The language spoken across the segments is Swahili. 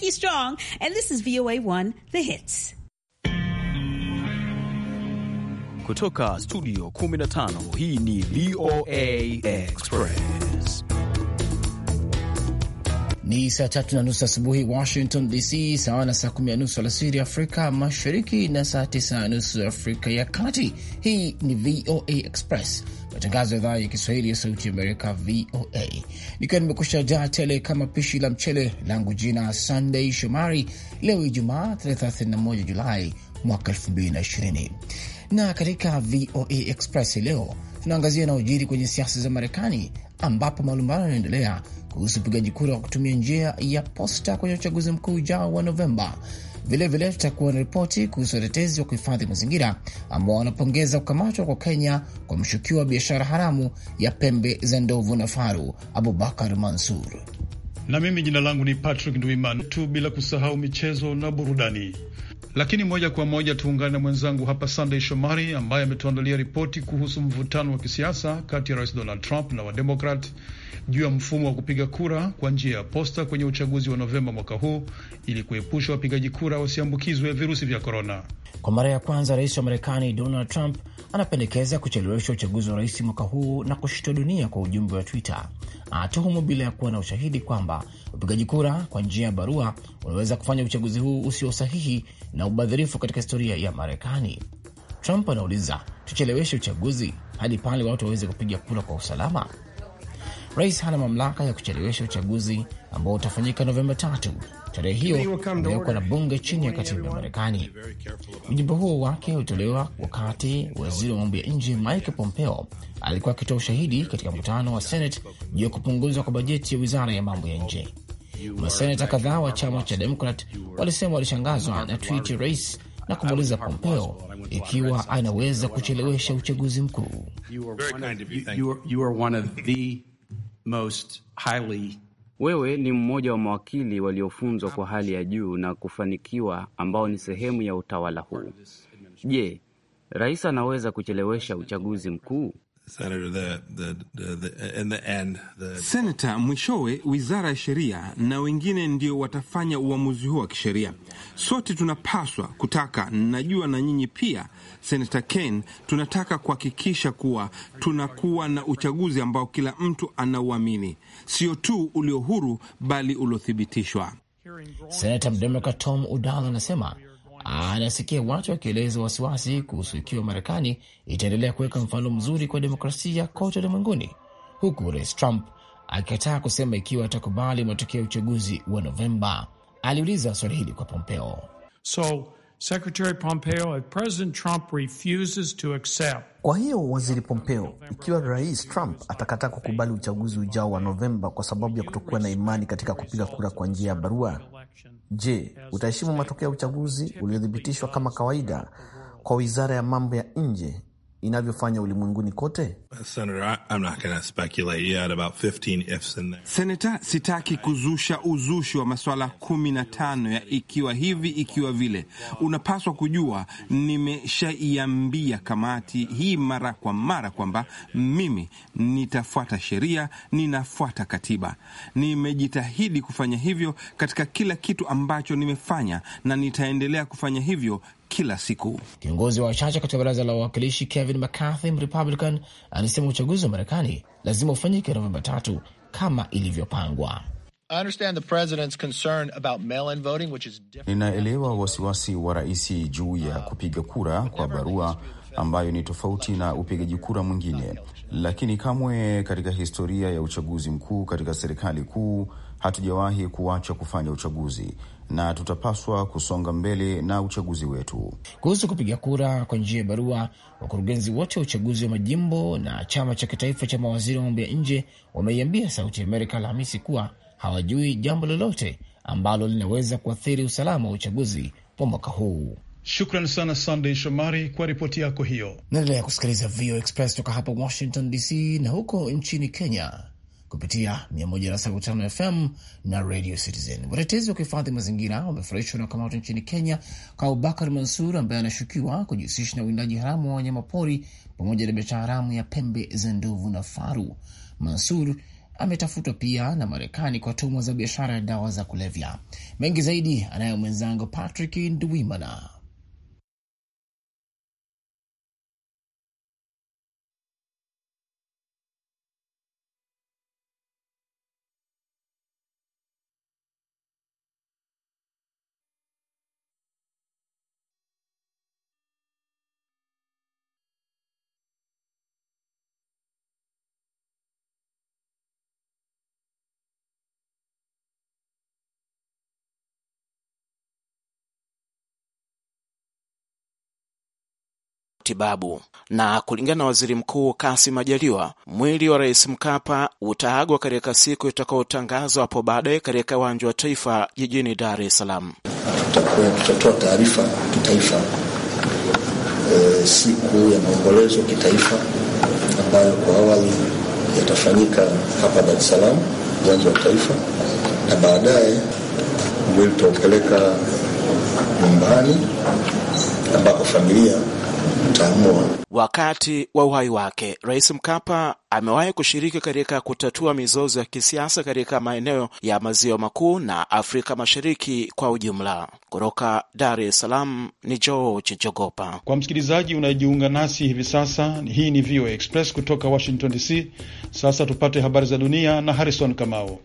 Nikki Strong, and this is VOA1 The Hits. Kutoka studio 15 hii ni VOA Express. Ni saa tatu na nusu asubuhi Washington DC, sawa na saa kumi na nusu alasiri Afrika Mashariki na saa tisa na nusu Afrika ya Kati. Hii ni VOA Express matangazo ya idhaa ya Kiswahili ya Sauti ya Amerika, VOA, nikiwa nimekusha jaa tele kama pishi la mchele langu. Jina Sunday Shomari. Leo Ijumaa, 31 Julai mwaka 2020, na katika VOA Express leo tunaangazia yanayojiri kwenye siasa za Marekani, ambapo malumbano yanaendelea kuhusu upigaji kura wa kutumia njia ya posta kwenye uchaguzi mkuu ujao wa Novemba Vilevile tutakuwa na ripoti kuhusu watetezi wa kuhifadhi mazingira ambao wanapongeza kukamatwa kwa Kenya kwa mshukiwa wa biashara haramu ya pembe za ndovu na faru Abubakar Mansur. Na mimi jina langu ni Patrick nduimantu tu, bila kusahau michezo na burudani. Lakini moja kwa moja tuungane na mwenzangu hapa Sandey Shomari ambaye ametuandalia ripoti kuhusu mvutano wa kisiasa kati ya Rais Donald Trump na Wademokrat juu ya mfumo wa kupiga kura kwa njia ya posta kwenye uchaguzi wa Novemba mwaka huu ili kuepusha wapigaji kura wasiambukizwe virusi vya korona. Kwa mara ya kwanza rais wa Marekani Donald Trump anapendekeza kuchelewesha uchaguzi wa rais mwaka huu na kushitwa dunia kwa ujumbe wa Twitter. Anatuhumu bila ya kuwa na ushahidi kwamba upigaji kura kwa njia ya barua unaweza kufanya uchaguzi huu usio sahihi na ubadhirifu katika historia ya Marekani. Trump anauliza, tucheleweshe uchaguzi hadi pale watu waweze kupiga kura kwa usalama? rais hana mamlaka ya kuchelewesha uchaguzi ambao utafanyika Novemba tatu. Tarehe hiyo imewekwa na bunge chini ya katiba ya Marekani. Ujumbe huo wake ulitolewa wakati waziri wa mambo ya nje Mike Pompeo alikuwa akitoa ushahidi katika mkutano wa Senate juu ya kupunguzwa kwa bajeti ya wizara ya mambo ya nje. Maseneta kadhaa wa chama cha Demokrat walisema walishangazwa na twiti rais na kumuuliza Pompeo ikiwa anaweza kuchelewesha uchaguzi mkuu most highly wewe ni mmoja wa mawakili waliofunzwa kwa hali ya juu na kufanikiwa ambao ni sehemu ya utawala huu. Je, rais anaweza kuchelewesha uchaguzi mkuu? Senator, the, the, the, in the end, the... Senata, mwishowe wizara ya sheria na wengine ndio watafanya uamuzi huo wa kisheria. Sote tunapaswa kutaka, najua na nyinyi pia, Senata Ken, tunataka kuhakikisha kuwa tunakuwa na uchaguzi ambao kila mtu anauamini, sio tu ulio huru, bali uliothibitishwa. Senata Mdemokrat Tom Udall anasema anasikia watu wakieleza wasiwasi kuhusu ikiwa Marekani itaendelea kuweka mfano mzuri kwa demokrasia kote ulimwenguni, huku Rais Trump akikataa kusema ikiwa atakubali matokeo ya uchaguzi wa Novemba. Aliuliza swali hili kwa Pompeo. So, Secretary Pompeo, if President Trump refuses to accept... kwa hiyo waziri Pompeo, ikiwa rais Trump atakataa kukubali uchaguzi ujao wa Novemba kwa sababu ya kutokuwa na imani katika kupiga kura kwa njia ya barua, Je, utaheshimu matokeo ya uchaguzi uliothibitishwa kama kawaida kwa wizara ya mambo ya nje inavyofanya ulimwenguni kote. Senata, sitaki kuzusha uzushi wa masuala kumi na tano ya ikiwa hivi ikiwa vile. Unapaswa kujua nimeshaiambia kamati hii mara kwa mara kwamba mimi nitafuata sheria, ninafuata katiba. Nimejitahidi kufanya hivyo katika kila kitu ambacho nimefanya na nitaendelea kufanya hivyo kila siku. Kiongozi wa wachache katika baraza la wawakilishi Kevin McCarthy, Republican, anasema uchaguzi wa Marekani lazima ufanyike Novemba tatu kama ilivyopangwa. Ninaelewa wasiwasi wa rais juu ya kupiga kura kwa barua ambayo ni tofauti na upigaji kura mwingine, lakini kamwe katika historia ya uchaguzi mkuu katika serikali kuu hatujawahi kuacha kufanya uchaguzi na tutapaswa kusonga mbele na uchaguzi wetu. Kuhusu kupiga kura kwa njia ya barua, wakurugenzi wote wa uchaguzi wa majimbo na chama cha kitaifa cha mawaziri wa mambo ya nje wameiambia Sauti Amerika Alhamisi kuwa hawajui jambo lolote ambalo linaweza kuathiri usalama wa uchaguzi wa mwaka huu. Shukran sana Sandey Shomari kwa ripoti yako hiyo. Naendelea kusikiliza VOA Express toka hapa Washington DC. Na huko nchini Kenya, kupitia 105 FM na Radio Citizen. Watetezi wa kuhifadhi mazingira wamefurahishwa na kamato nchini Kenya kwa Abubakar Mansur ambaye anashukiwa kujihusisha na uwindaji haramu wa wanyama pori pamoja na biashara haramu ya pembe za ndovu na faru. Mansur ametafutwa pia na Marekani kwa tuhuma za biashara ya dawa za kulevya. Mengi zaidi anayo mwenzangu Patrick Nduwimana. matibabu. Na kulingana na waziri mkuu Kassim Majaliwa, mwili wa rais Mkapa utaagwa katika siku itakayotangazwa hapo baadaye katika uwanja wa taifa jijini Dar es Salaam. Tutatoa taarifa kitaifa e, siku ya maombolezo kitaifa ambayo kwa awali yatafanyika hapa Dar es Salaam, uwanja wa taifa, na baadaye mwili utaupeleka nyumbani ambapo familia nitaamua. Wakati wa uhai wake, Rais Mkapa amewahi kushiriki katika kutatua mizozo ya kisiasa katika maeneo ya maziwa makuu na Afrika Mashariki kwa ujumla. Kutoka Dar es Salaam ni George Jogopa. Kwa msikilizaji unayejiunga nasi hivi sasa, hii ni VOA Express kutoka Washington DC. Sasa tupate habari za dunia na Harrison Kamau.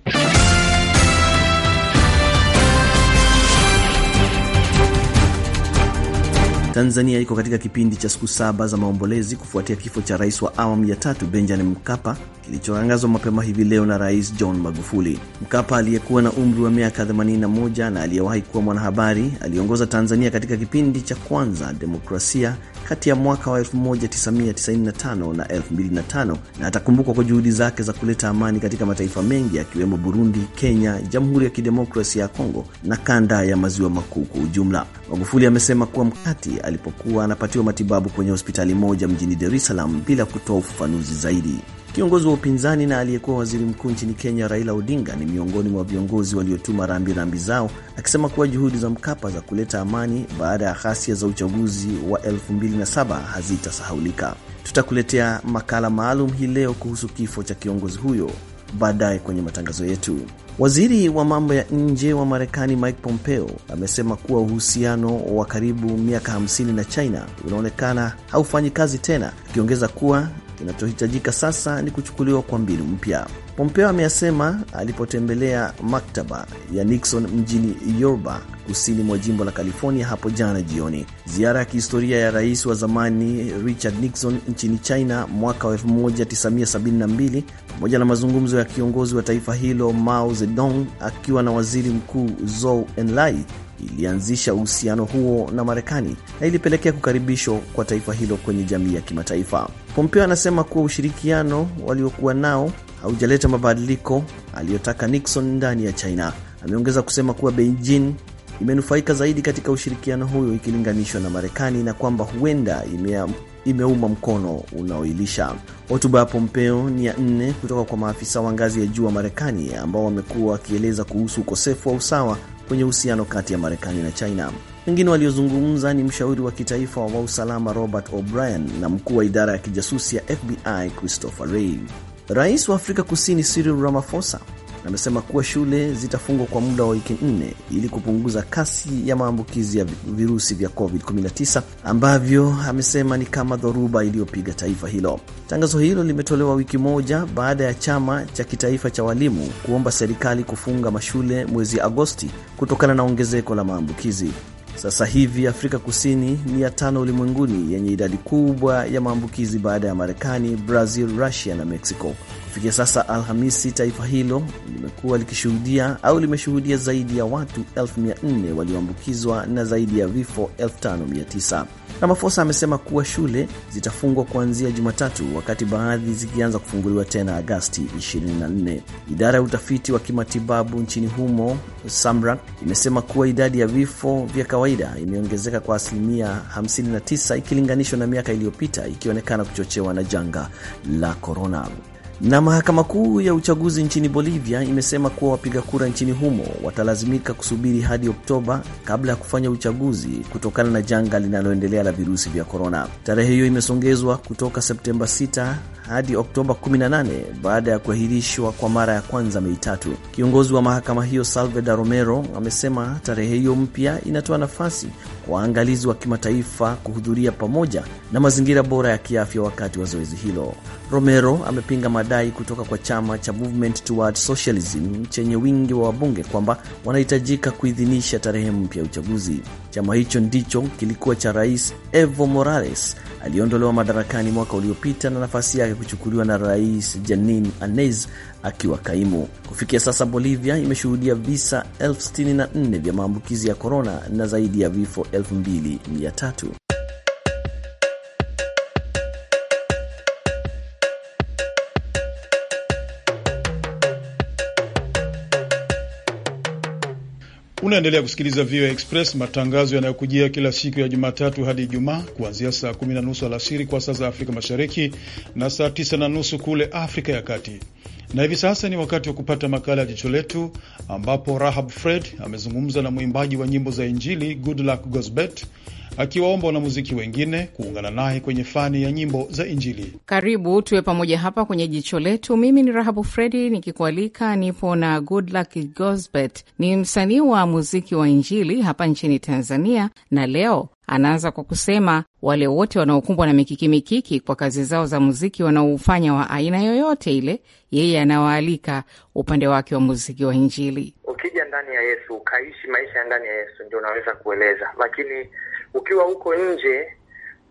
Tanzania iko katika kipindi cha siku saba za maombolezi kufuatia kifo cha rais wa awamu ya tatu Benjamin Mkapa kilichoangazwa mapema hivi leo na Rais John Magufuli. Mkapa aliyekuwa na umri wa miaka 81 na aliyewahi kuwa mwanahabari aliongoza Tanzania katika kipindi cha kwanza demokrasia kati ya mwaka wa 1995 na 2005 na atakumbukwa kwa juhudi zake za kuleta amani katika mataifa mengi akiwemo Burundi, Kenya, Jamhuri ya Kidemokrasia ya Kongo na kanda ya maziwa makuu kwa ujumla. Magufuli amesema kuwa mkati alipokuwa anapatiwa matibabu kwenye hospitali moja mjini Dar es Salaam bila kutoa ufafanuzi zaidi. Kiongozi wa upinzani na aliyekuwa waziri mkuu nchini Kenya Raila Odinga ni miongoni mwa viongozi waliotuma rambirambi rambi zao, akisema kuwa juhudi za Mkapa za kuleta amani baada ya ghasia za uchaguzi wa 2007 hazitasahaulika. Tutakuletea makala maalum hii leo kuhusu kifo cha kiongozi huyo baadaye kwenye matangazo yetu. Waziri wa mambo ya nje wa Marekani Mike Pompeo amesema kuwa uhusiano wa karibu miaka 50 na China unaonekana haufanyi kazi tena, akiongeza kuwa Kinachohitajika sasa ni kuchukuliwa kwa mbinu mpya, Pompeo ameyasema alipotembelea maktaba ya Nixon mjini Yorba, kusini mwa jimbo la California hapo jana jioni. Ziara ya kihistoria ya rais wa zamani Richard Nixon nchini China mwaka wa 1972 pamoja na mazungumzo ya kiongozi wa taifa hilo Mao Zedong akiwa na waziri mkuu Zhou Enlai ilianzisha uhusiano huo na Marekani na ilipelekea kukaribishwa kwa taifa hilo kwenye jamii ya kimataifa. Pompeo anasema kuwa ushirikiano waliokuwa nao haujaleta mabadiliko aliyotaka Nixon ndani ya China. Ameongeza kusema kuwa Beijing imenufaika zaidi katika ushirikiano huyo ikilinganishwa na Marekani na kwamba huenda imeuma mkono unaoilisha. Hotuba ya Pompeo ni ya nne kutoka kwa maafisa wa ngazi ya juu wa Marekani ambao wamekuwa wakieleza kuhusu ukosefu wa usawa kwenye uhusiano kati ya Marekani na China. Wengine waliozungumza ni mshauri wa kitaifa wa usalama Robert O'Brien na mkuu wa idara ya kijasusi ya FBI Christopher Wray. Rais wa Afrika Kusini Cyril Ramaphosa amesema kuwa shule zitafungwa kwa muda wa wiki nne ili kupunguza kasi ya maambukizi ya virusi vya COVID-19 ambavyo amesema ni kama dhoruba iliyopiga taifa hilo. Tangazo hilo limetolewa wiki moja baada ya chama cha kitaifa cha walimu kuomba serikali kufunga mashule mwezi Agosti kutokana na ongezeko la maambukizi. Sasa hivi Afrika Kusini ni ya tano ulimwenguni yenye idadi kubwa ya maambukizi baada ya Marekani, Brazil, Russia na Mexico. Kufikia sasa Alhamisi, taifa hilo limekuwa likishuhudia au limeshuhudia zaidi ya watu 4 walioambukizwa na zaidi ya vifo 59. Ramafosa amesema kuwa shule zitafungwa kuanzia Jumatatu, wakati baadhi zikianza kufunguliwa tena Agasti 24. Idara ya utafiti wa kimatibabu nchini humo SAMRAK imesema kuwa idadi ya vifo vya kawaida imeongezeka kwa asilimia 59 ikilinganishwa na miaka iliyopita, ikionekana kuchochewa na janga la korona. Na mahakama kuu ya uchaguzi nchini Bolivia imesema kuwa wapiga kura nchini humo watalazimika kusubiri hadi Oktoba kabla ya kufanya uchaguzi kutokana na janga linaloendelea la virusi vya korona. Tarehe hiyo imesongezwa kutoka Septemba 6 hadi Oktoba 18 baada ya kuahirishwa kwa mara ya kwanza Mei tatu. Kiongozi wa mahakama hiyo Salvador Romero amesema tarehe hiyo mpya inatoa nafasi kwa waangalizi wa kimataifa kuhudhuria pamoja na mazingira bora ya kiafya wakati wa zoezi hilo. Romero amepinga madai kutoka kwa chama cha Movement Socialism chenye wingi wa wabunge kwamba wanahitajika kuidhinisha tarehe mpya ya uchaguzi. Chama hicho ndicho kilikuwa cha Rais Evo Morales aliyeondolewa madarakani mwaka uliopita na nafasi yake kuchukuliwa na Rais Janin Anez akiwa kaimu. Kufikia sasa, Bolivia imeshuhudia visa 64 vya maambukizi ya korona na zaidi ya vifo 2300. Unaendelea kusikiliza VOA Express, matangazo yanayokujia kila siku ya Jumatatu hadi Ijumaa, kuanzia saa kumi na nusu alasiri kwa saa za Afrika Mashariki na saa tisa na nusu kule Afrika ya Kati. Na hivi sasa ni wakati wa kupata makala ya Jicho Letu, ambapo Rahab Fred amezungumza na mwimbaji wa nyimbo za Injili Goodluck Gosbet akiwaomba wanamuziki wengine kuungana naye kwenye fani ya nyimbo za Injili. Karibu tuwe pamoja hapa kwenye jicho letu. Mimi ni Rahabu Fredi nikikualika, nipo na Goodluck gosbet ni msanii wa muziki wa Injili hapa nchini Tanzania, na leo anaanza kwa kusema wale wote wanaokumbwa na mikiki mikiki kwa kazi zao za muziki wanaoufanya wa aina yoyote ile, yeye anawaalika upande wake wa muziki wa Injili. Ukija ndani ya Yesu, ukaishi maisha ya ndani ya Yesu, ndio unaweza kueleza, lakini ukiwa huko nje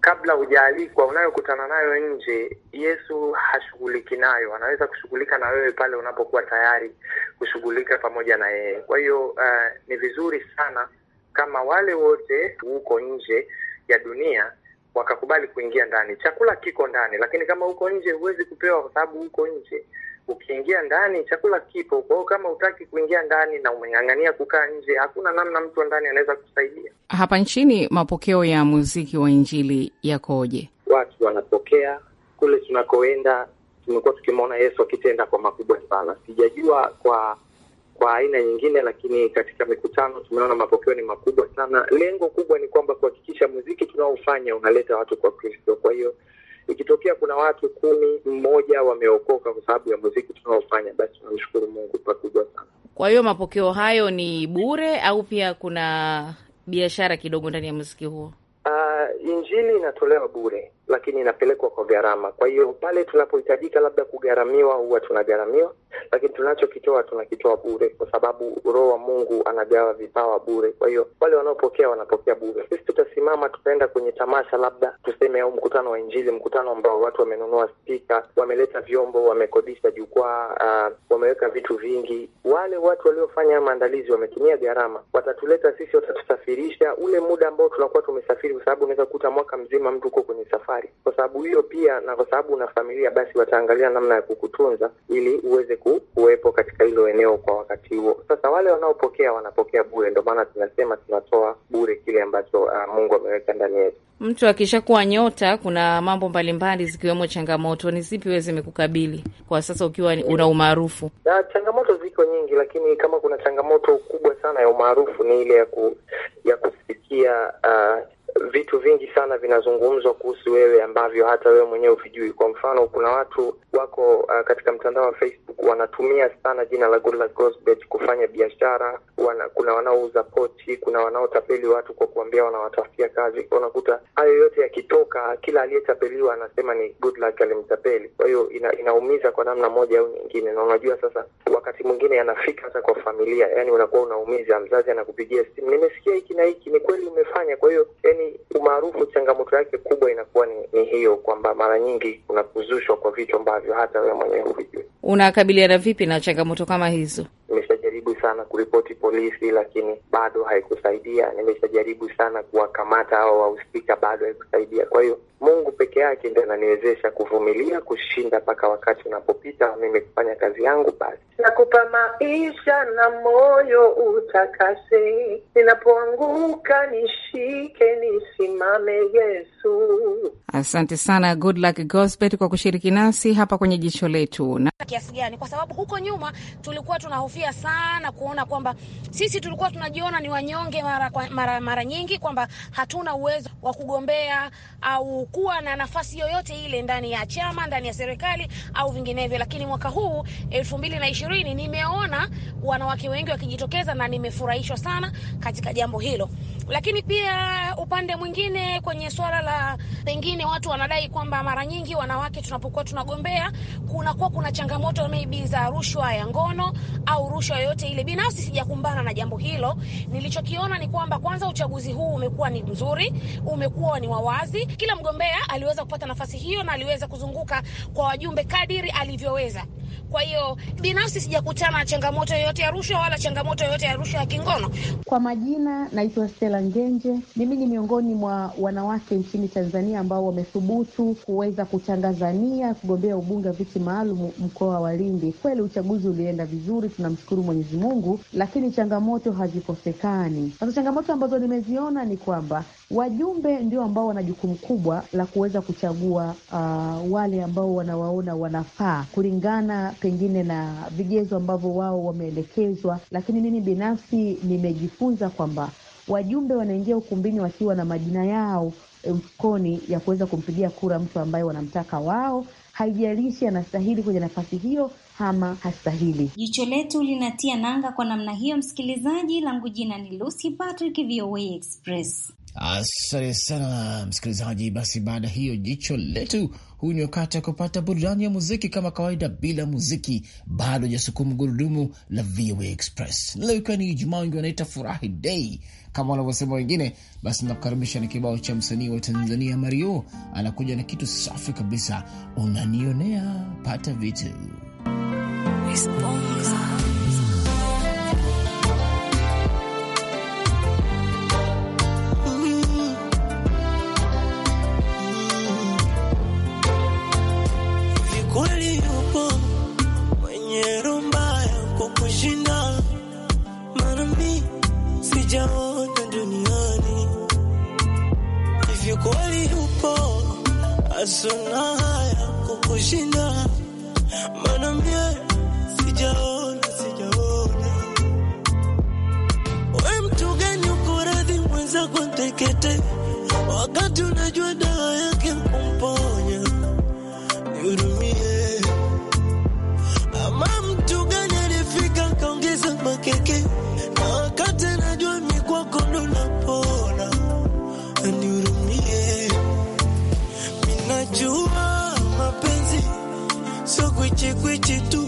kabla hujaalikwa, unayokutana nayo nje, Yesu hashughuliki nayo. Anaweza kushughulika na wewe pale unapokuwa tayari kushughulika pamoja na yeye. Kwa hiyo uh, ni vizuri sana kama wale wote huko nje ya dunia wakakubali kuingia ndani. Chakula kiko ndani, lakini kama uko nje huwezi kupewa, kwa sababu huko nje ukiingia ndani chakula kipo. Kwa hiyo kama hutaki kuingia ndani na umeng'ang'ania kukaa nje, hakuna namna mtu ndani anaweza kusaidia. Hapa nchini mapokeo ya muziki wa injili yakoje? Watu wanapokea kule tunakoenda, tumekuwa tukimwona Yesu akitenda kwa makubwa sana. Sijajua kwa kwa aina nyingine, lakini katika mikutano tumeona mapokeo ni makubwa sana. Lengo kubwa ni kwamba kuhakikisha muziki tunaofanya unaleta watu kwa Kristo, kwa hiyo Ikitokea kuna watu kumi, mmoja wameokoka kwa sababu ya muziki tunaofanya, basi tunamshukuru Mungu pakubwa sana. Kwa hiyo mapokeo hayo ni bure au pia kuna biashara kidogo ndani ya muziki huo? Uh, injili inatolewa bure lakini inapelekwa kwa gharama. Kwa hiyo pale tunapohitajika labda kugharamiwa, huwa tunagharamiwa, lakini tunachokitoa tunakitoa bure, kwa sababu Roho wa Mungu anagawa vipawa bure. Kwa hiyo wale wanaopokea wanapokea bure. Sisi tutasimama, tutaenda kwenye tamasha labda tuseme, au mkutano wa Injili, mkutano ambao watu wamenunua spika, wameleta vyombo, wamekodisha jukwaa, uh, wameweka vitu vingi. Wale watu waliofanya maandalizi wametumia gharama, watatuleta sisi, watatusafirisha ule muda ambao tunakuwa tumesafiri, kwa sababu unaweza kukuta mwaka mzima mtu uko kwenye safari habari. Kwa sababu hiyo pia na kwa sababu una familia, basi wataangalia namna ya kukutunza ili uweze kuwepo katika hilo eneo kwa wakati huo. Sasa wale wanaopokea wanapokea bure, ndio maana tunasema tunatoa bure kile ambacho uh, Mungu ameweka ndani yetu. Mtu akishakuwa nyota, kuna mambo mbalimbali zikiwemo changamoto. Ni zipi wewe zimekukabili kwa sasa ukiwa una umaarufu? Na changamoto ziko nyingi, lakini kama kuna changamoto kubwa sana ya umaarufu ni ile ya ku, ya kusikia uh, vitu vingi sana vinazungumzwa kuhusu wewe ambavyo hata wewe mwenyewe huvijui. Kwa mfano, kuna watu wako uh, katika mtandao wa Facebook wanatumia sana jina la Goodluck Gozbert kufanya biashara. Wana, kuna wanaouza pochi, kuna wanaotapeli watu kwa kuambia wanawatafutia kazi. Unakuta hayo yote yakitoka, kila aliyetapeliwa anasema ni Goodluck alimtapeli. Kwa hiyo ina, inaumiza kwa namna moja au nyingine, na unajua sasa, wakati mwingine yanafika hata kwa familia, yani unakuwa unaumiza. Mzazi anakupigia simu, nimesikia hiki na hiki, ni kweli umefanya? Kwa hiyo yani Nadhani umaarufu changamoto yake kubwa inakuwa ni, ni hiyo kwamba mara nyingi kuna kuzushwa kwa vitu ambavyo hata wewe mwenyewe hujui. Unakabiliana vipi na changamoto kama hizo? sana kuripoti polisi, lakini bado haikusaidia. Nimeshajaribu sana kuwakamata hao wahusika, bado haikusaidia. Kwa hiyo Mungu peke yake ndiye ananiwezesha kuvumilia kushinda mpaka wakati unapopita, mimi kufanya kazi yangu. Basi nakupa maisha na moyo utakase, ninapoanguka nishike, nisimame Yesu. Asante sana Good Luck Gospel kwa kushiriki nasi hapa kwenye jicho letu na kiasi gani, kwa sababu huko nyuma tulikuwa tunahofia sana kuona kwamba sisi tulikuwa tunajiona ni wanyonge mara, kwa, mara, mara nyingi kwamba hatuna uwezo wa kugombea au kuwa na nafasi yoyote ile ndani ya chama, ndani ya serikali au vinginevyo. Lakini mwaka huu elfu mbili na ishirini nimeona wanawake wengi wakijitokeza na nimefurahishwa sana katika jambo hilo. Lakini pia upande mwingine, kwenye swala la pengine, watu wanadai kwamba mara nyingi wanawake tunapokuwa tunagombea kunakuwa kuna changamoto maybe za rushwa ya ngono au rushwa yoyote ile kweli binafsi sijakumbana na jambo hilo. Nilichokiona ni kwamba kwanza, uchaguzi huu umekuwa ni mzuri, umekuwa ni wawazi. Kila mgombea aliweza kupata nafasi hiyo na aliweza kuzunguka kwa wajumbe kadiri alivyoweza. Kwa hiyo binafsi sijakutana na changamoto yoyote ya rushwa wala changamoto yoyote ya rushwa ya kingono. Kwa majina naitwa Stella Ngenje, mimi ni miongoni mwa wanawake nchini Tanzania ambao wamethubutu kuweza kutangaza nia kugombea ubunge wa viti maalum mkoa wa Lindi. Kweli uchaguzi ulienda vizuri, tunamshukuru Mwenyezi Mungu, lakini changamoto hazikosekani. Sasa changamoto ambazo nimeziona ni kwamba wajumbe ndio ambao wana jukumu kubwa la kuweza kuchagua uh, wale ambao wanawaona wanafaa kulingana pengine na vigezo ambavyo wao wameelekezwa, lakini mimi binafsi nimejifunza kwamba wajumbe wanaingia ukumbini wakiwa na majina yao eh, mfukoni ya kuweza kumpigia kura mtu ambaye wanamtaka wao, haijalishi anastahili kwenye nafasi hiyo ama hastahili. Jicho letu linatia nanga kwa namna hiyo. Msikilizaji, langu jina ni Lucy Patrick, VOA Express. Asante sana msikilizaji. Basi baada hiyo jicho letu huu ni wakati wa kupata burudani ya muziki kama kawaida. Bila muziki bado hajasukuma gurudumu la VOA Express. Leo ikiwa ni Ijumaa, wengi wanaita furahi dei kama wanavyosema wengine, basi nakukaribisha na kibao cha msanii wa Tanzania Mario, anakuja na kitu safi kabisa, unanionea pata vitu Responsa. kweli yupo mwenye roho mbaya kukushinda, maana mimi sijaona duniani hivyo. Kweli yupo asona haya kukushinda, sijaona, sijaona. We mtu gani ntekete wakati unajua miti tu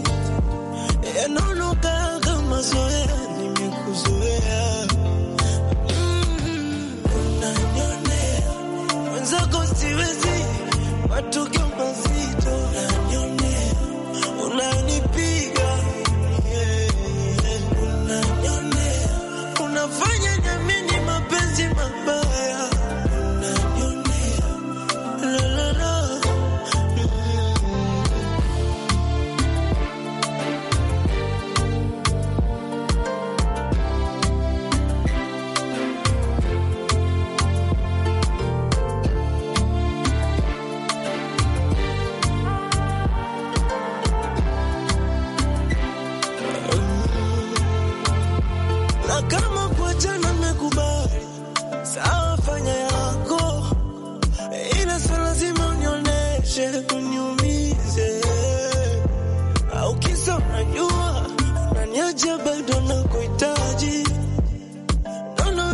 eh, mazoea mm-hmm, kama zoea, nimekuzoea mm, unanyonea siwezi matukio mazito, unanyonea unanipia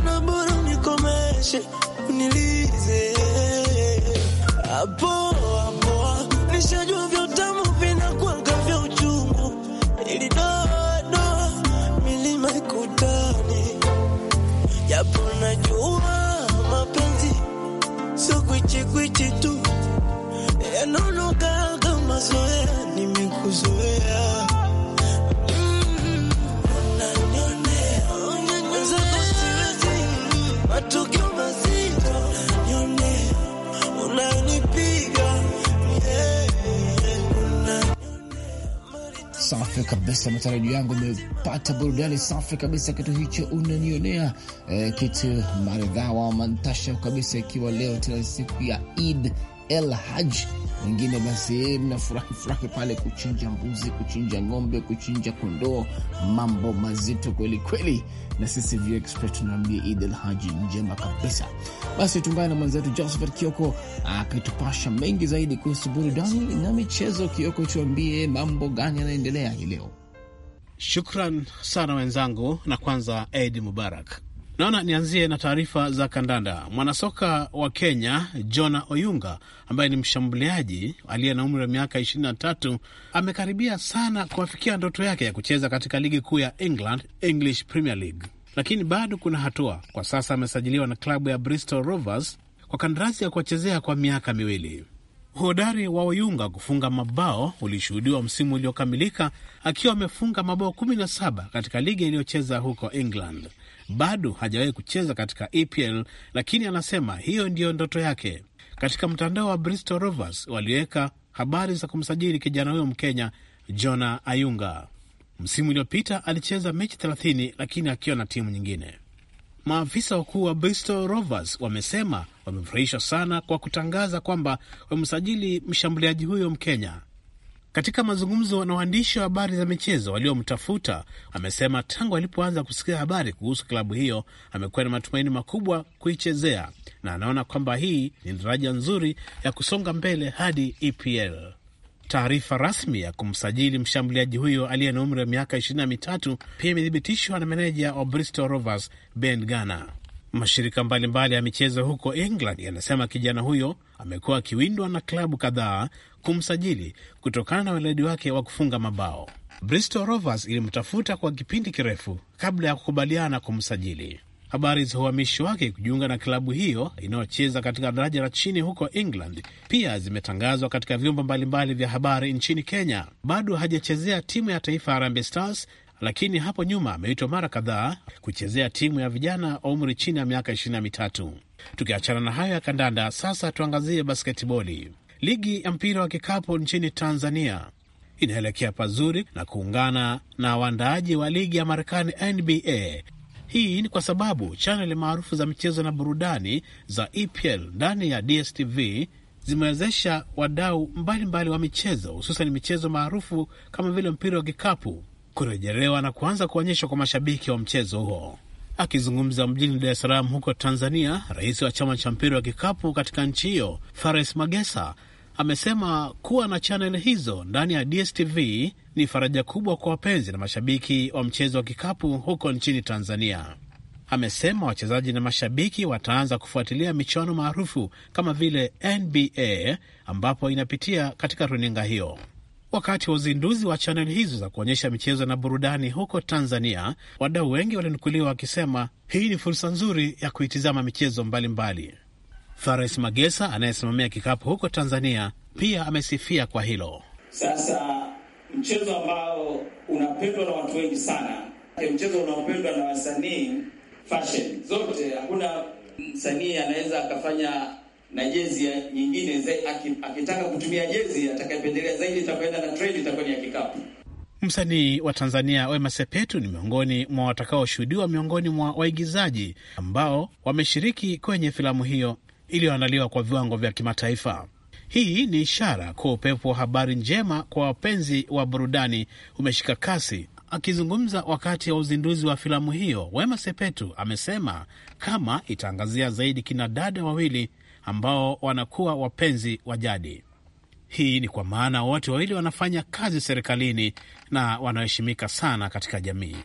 sana, bora unikomeshe, unilize hapo hapo, nishajua vya utamu vinakuanga vya uchungu, ili dodo milima ikutani, japo najua mapenzi sio kwichikwichi tu Safi kabisa, matarajio yangu imepata burudani safi kabisa, kitu hicho unanionea e, kitu maridhawa mantasha kabisa, ikiwa leo tena siku ya Eid el wengine basi eh, mnafurahi furahi pale kuchinja mbuzi, kuchinja ng'ombe, kuchinja kondoo, mambo mazito kweli kweli. Na sisi View Express tunaambia Eid al-Haji njema kabisa. Basi tuungane na mwenzetu Josephat Kioko akitupasha mengi zaidi kuhusu burudani na michezo. Kioko, tuambie mambo gani yanaendelea hii leo? Shukran sana wenzangu, na kwanza Eid Mubarak. Naona nianzie na taarifa za kandanda. Mwanasoka wa Kenya Jona Oyunga ambaye ni mshambuliaji aliye na umri wa miaka 23 amekaribia sana kuwafikia ndoto yake ya kucheza katika ligi kuu ya England, English Premier League, lakini bado kuna hatua. Kwa sasa amesajiliwa na klabu ya Bristol Rovers kwa kandarasi ya kuwachezea kwa miaka miwili. Hodari wa Oyunga kufunga mabao ulishuhudiwa msimu uliokamilika akiwa amefunga mabao 17 katika ligi iliyocheza huko England bado hajawahi kucheza katika EPL, lakini anasema hiyo ndiyo ndoto yake. Katika mtandao wa Bristol Rovers waliweka habari za kumsajili kijana huyo Mkenya Jona Ayunga. Msimu uliopita alicheza mechi 30 lakini akiwa na timu nyingine. Maafisa wakuu wa Bristol Rovers wamesema wamefurahishwa sana kwa kutangaza kwamba wamemsajili mshambuliaji huyo Mkenya. Katika mazungumzo na waandishi wa habari za michezo waliomtafuta, amesema tangu alipoanza kusikia habari kuhusu klabu hiyo amekuwa na matumaini makubwa kuichezea na anaona kwamba hii ni daraja nzuri ya kusonga mbele hadi EPL. Taarifa rasmi ya kumsajili mshambuliaji huyo aliye na umri wa miaka ishirini na mitatu pia imethibitishwa na meneja wa Bristol Rovers Ben Gana. Mashirika mbalimbali ya michezo huko England yanasema kijana huyo amekuwa akiwindwa na klabu kadhaa kumsajili kutokana na weledi wake wa kufunga mabao. Bristol Rovers ilimtafuta kwa kipindi kirefu kabla ya kukubaliana kumsajili. Habari za uhamishi wake kujiunga na klabu hiyo inayocheza katika daraja la chini huko England pia zimetangazwa katika vyombo mbalimbali vya habari nchini Kenya. Bado hajachezea timu ya taifa ya Harambee Stars lakini hapo nyuma ameitwa mara kadhaa kuchezea timu ya vijana wa umri chini ya miaka ishirini na mitatu. Tukiachana na hayo ya kandanda, sasa tuangazie basketiboli. Ligi ya mpira wa kikapu nchini Tanzania inaelekea pazuri na kuungana na waandaaji wa ligi ya Marekani NBA. Hii ni kwa sababu chaneli maarufu za michezo na burudani za EPL ndani ya DSTV zimewezesha wadau mbalimbali wa michezo, hususan michezo maarufu kama vile mpira wa kikapu kurejelewa na kuanza kuonyeshwa kwa mashabiki wa mchezo huo. Akizungumza mjini Dar es Salaam huko Tanzania, rais wa chama cha mpira wa kikapu katika nchi hiyo Fares Magesa amesema kuwa na chaneli hizo ndani ya DSTV ni faraja kubwa kwa wapenzi na mashabiki wa mchezo wa kikapu huko nchini Tanzania. Amesema wachezaji na mashabiki wataanza kufuatilia michuano maarufu kama vile NBA ambapo inapitia katika runinga hiyo. Wakati wa uzinduzi wa chaneli hizo za kuonyesha michezo na burudani huko Tanzania, wadau wengi walinukuliwa wakisema hii ni fursa nzuri ya kuitizama michezo mbalimbali. Fares Magesa anayesimamia kikapu huko Tanzania pia amesifia kwa hilo. Sasa mchezo ambao unapendwa na watu wengi sana, mchezo unaopendwa na wasanii fashion zote, hakuna msanii anaweza akafanya na jezi nyingine zai, akitaka kutumia jezi atakayependelea zaidi itakwenda na trade itakuwa ni ya kikapu. Msanii wa Tanzania Wema Sepetu ni miongoni mwa watakaoshuhudiwa miongoni mwa waigizaji ambao wameshiriki kwenye filamu hiyo iliyoandaliwa kwa viwango vya kimataifa. Hii ni ishara kwa upepo wa habari njema kwa wapenzi wa burudani umeshika kasi. Akizungumza wakati wa uzinduzi wa filamu hiyo, Wema Sepetu amesema kama itaangazia zaidi kina dada wawili ambao wanakuwa wapenzi wa jadi. Hii ni kwa maana wote wawili wanafanya kazi serikalini na wanaheshimika sana katika jamii.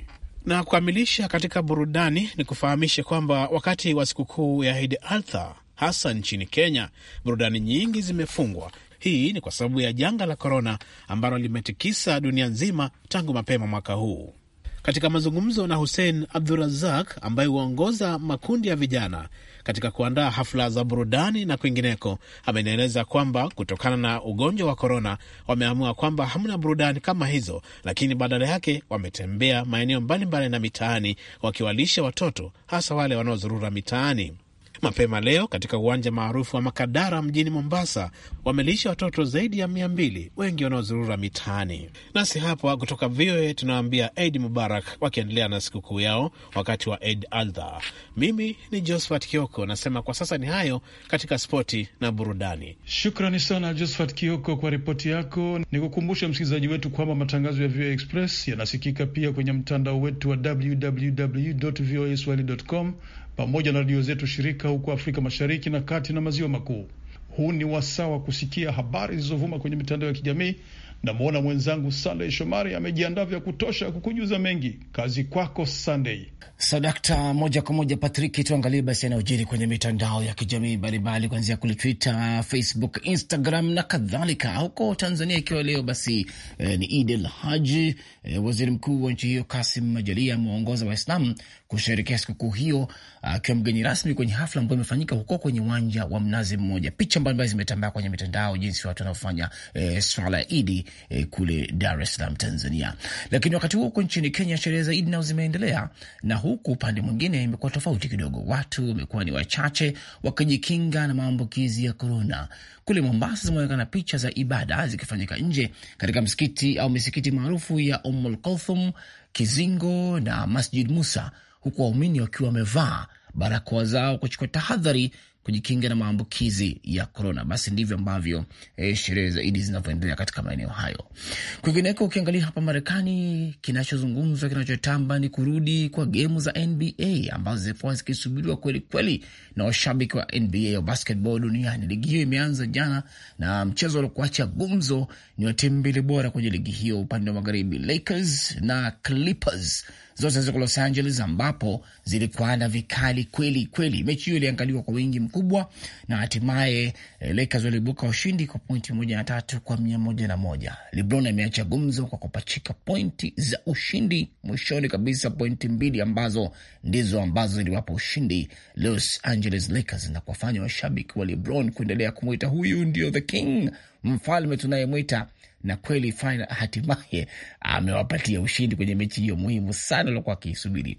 Na kukamilisha katika burudani, ni kufahamishe kwamba wakati wa sikukuu ya Eid al-Adha hasa nchini Kenya, burudani nyingi zimefungwa. Hii ni kwa sababu ya janga la korona ambalo limetikisa dunia nzima tangu mapema mwaka huu. Katika mazungumzo na Hussein Abdurazak ambaye huongoza makundi ya vijana katika kuandaa hafla za burudani na kwingineko, amenieleza kwamba kutokana na ugonjwa wa korona wameamua kwamba hamna burudani kama hizo, lakini badala yake wametembea maeneo mbalimbali na mitaani wakiwalisha watoto hasa wale wanaozurura mitaani. Mapema leo katika uwanja maarufu wa Makadara mjini Mombasa, wamelisha watoto zaidi ya mia mbili, wengi wanaozurura mitaani. Nasi hapa kutoka VOA tunawaambia Eid Mubarak, wakiendelea na sikukuu yao wakati wa Eid aldha Mimi ni Josphat Kioko, nasema kwa sasa ni hayo katika spoti na burudani. Shukrani sana Josphat Kioko kwa ripoti yako. Ni kukumbusha msikilizaji wetu kwamba matangazo ya VOA Express yanasikika pia kwenye mtandao wetu wa www voa swahili com pamoja na redio zetu shirika huko Afrika Mashariki na kati na maziwa makuu. Huu ni wasaa wa kusikia habari zilizovuma kwenye mitandao ya kijamii Namwona mwenzangu Sandey Shomari amejiandaa vya kutosha kukujuza mengi. Kazi kwako Sandey. Sadakta moja kwa moja, Patriki, tuangalie basi yanayojiri kwenye mitandao ya kijamii mbalimbali, kuanzia kule Twitter, Facebook, Instagram na kadhalika. Huko Tanzania ikiwa leo basi eh, ni Id el Haji. Eh, waziri mkuu wa nchi hiyo Kasim Majalia amewaongoza Waislamu kusherekea sikukuu hiyo akiwa uh, mgeni rasmi kwenye hafla ambayo imefanyika huko kwenye uwanja wa Mnazi Mmoja. Picha mbalimbali zimetambaa kwenye mitandao jinsi watu wanaofanya eh, swala ya Idi eh, kule Dar es Salaam, Tanzania. Lakini wakati huo huko nchini Kenya, sherehe za Idi nao zimeendelea, na huku upande mwingine imekuwa tofauti kidogo, watu wamekuwa ni wachache wakijikinga na maambukizi ya korona. Kule Mombasa zimeonekana picha za ibada zikifanyika nje katika msikiti au misikiti maarufu ya Ummul Kulthum, Kizingo na Masjid Musa, huku waumini wakiwa wamevaa barakoa zao kuchukua tahadhari kujikinga na maambukizi ya korona. Basi ndivyo ambavyo eh, sherehe zaidi zinavyoendelea katika maeneo hayo. Kwingineko, ukiangalia hapa Marekani, kinachozungumzwa kinachotamba ni kurudi kwa gemu za NBA ambazo zimekuwa zikisubiriwa kweli kweli na washabiki wa NBA wa basketball duniani. Ligi hiyo imeanza jana na mchezo uliokuacha gumzo ni wa timu mbili bora kwenye ligi hiyo, upande wa magharibi Lakers na Clippers zote ziko Los Angeles, ambapo zilikuana vikali kweli kweli. Mechi hiyo iliangaliwa kwa wingi mkubwa na hatimaye eh, Lakers waliibuka ushindi kwa pointi moja na tatu kwa mia moja na moja. LeBron ameacha gumzo kwa kupachika pointi za ushindi mwishoni kabisa, pointi mbili ambazo ndizo ambazo ziliwapa ushindi Los Angeles Lakers na kuwafanya washabiki wa LeBron kuendelea kumwita huyu ndio the king, mfalme tunayemwita na kweli final hatimaye amewapatia ushindi kwenye mechi hiyo muhimu sana aliokuwa akiisubiri.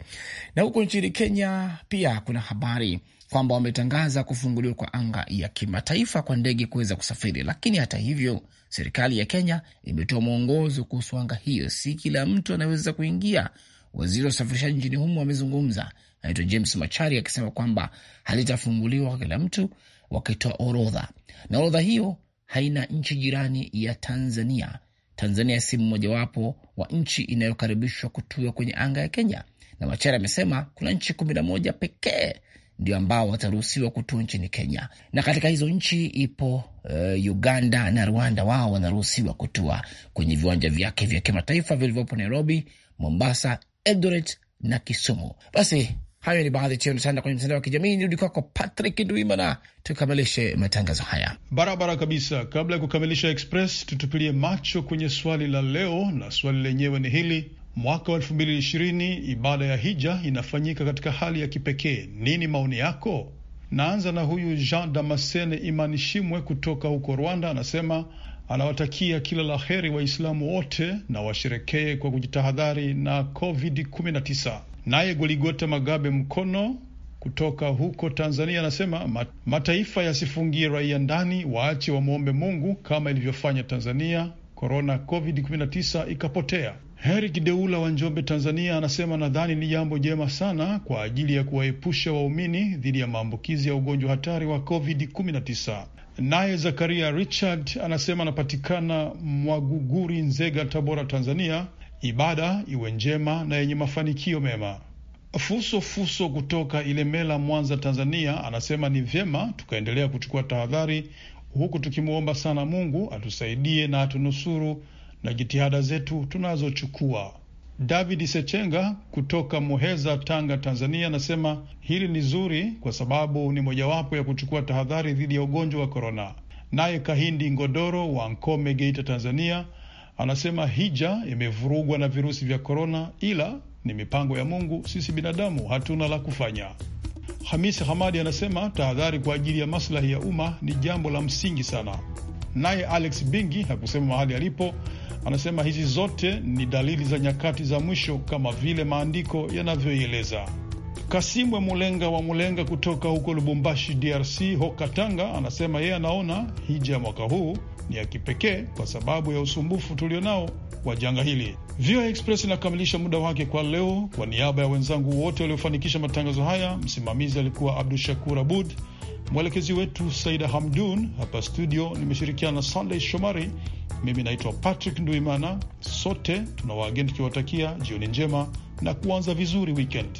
Na huko nchini Kenya pia kuna habari kwamba wametangaza kufunguliwa kwa anga ya kimataifa kwa ndege kuweza kusafiri, lakini hata hivyo, serikali ya Kenya imetoa mwongozo kuhusu anga hiyo, si kila mtu anaweza kuingia. Waziri wa usafirishaji nchini humo amezungumza, anaitwa James Machari akisema kwamba halitafunguliwa kwa kila mtu, wakitoa orodha na orodha hiyo haina nchi jirani ya Tanzania. Tanzania si mmojawapo wa nchi inayokaribishwa kutua kwenye anga ya Kenya, na Wachera amesema kuna nchi kumi na moja pekee ndio ambao wataruhusiwa kutua nchini Kenya, na katika hizo nchi ipo uh, Uganda na Rwanda. Wao wanaruhusiwa kutua kwenye viwanja vyake vya kimataifa vilivyopo Nairobi, Mombasa, Eldoret na Kisumu. Basi Hayo ni baadhi tu yanaotanda kwenye mtandao wa kijamii. Nirudi kwako Patrick Ndwimana tukamilishe matangazo haya barabara kabisa. Kabla ya kukamilisha Express, tutupilie macho kwenye swali la leo, na swali lenyewe ni hili: mwaka wa elfu mbili ishirini ibada ya hija inafanyika katika hali ya kipekee. Nini maoni yako? Naanza na huyu Jean Damascene Imani Shimwe kutoka huko Rwanda, anasema anawatakia kila la heri Waislamu wote na washerekee kwa kujitahadhari na COVID-19. Naye goligota Magabe Mkono kutoka huko Tanzania anasema mataifa yasifungie raia ndani, waache wamwombe Mungu kama ilivyofanya Tanzania korona covid-19 ikapotea. herik deula wa Njombe, Tanzania anasema nadhani ni jambo jema sana kwa ajili ya kuwaepusha waumini dhidi ya maambukizi ya ugonjwa hatari wa covid-19. Naye Zakaria Richard anasema anapatikana Mwaguguri, Nzega, Tabora, Tanzania ibada iwe njema na yenye mafanikio mema. Fuso Fuso kutoka Ilemela, Mwanza, Tanzania, anasema ni vyema tukaendelea kuchukua tahadhari, huku tukimwomba sana Mungu atusaidie na atunusuru na jitihada zetu tunazochukua. David Sechenga kutoka Muheza, Tanga, Tanzania, anasema hili ni zuri kwa sababu ni mojawapo ya kuchukua tahadhari dhidi ya ugonjwa wa korona. Naye Kahindi Ngodoro wa Nkome, Geita, Tanzania, Anasema hija imevurugwa na virusi vya korona, ila ni mipango ya Mungu, sisi binadamu hatuna la kufanya. Hamisi Hamadi anasema tahadhari kwa ajili ya maslahi ya umma ni jambo la msingi sana. Naye Alex Bingi hakusema mahali alipo. Anasema hizi zote ni dalili za nyakati za mwisho kama vile maandiko yanavyoieleza. Kasimwe Mulenga wa Mulenga kutoka huko Lubumbashi, DRC, Hokatanga, anasema yeye anaona hija ya mwaka huu ni ya kipekee kwa sababu ya usumbufu tulionao wa janga hili. VOA Express inakamilisha muda wake kwa leo. Kwa niaba ya wenzangu wote waliofanikisha matangazo haya, msimamizi alikuwa Abdu Shakur Abud, mwelekezi wetu Saida Hamdun. Hapa studio nimeshirikiana na Sandey Shomari. Mimi naitwa Patrick Nduimana. Sote tuna waageni tukiwatakia jioni njema na kuanza vizuri wikendi.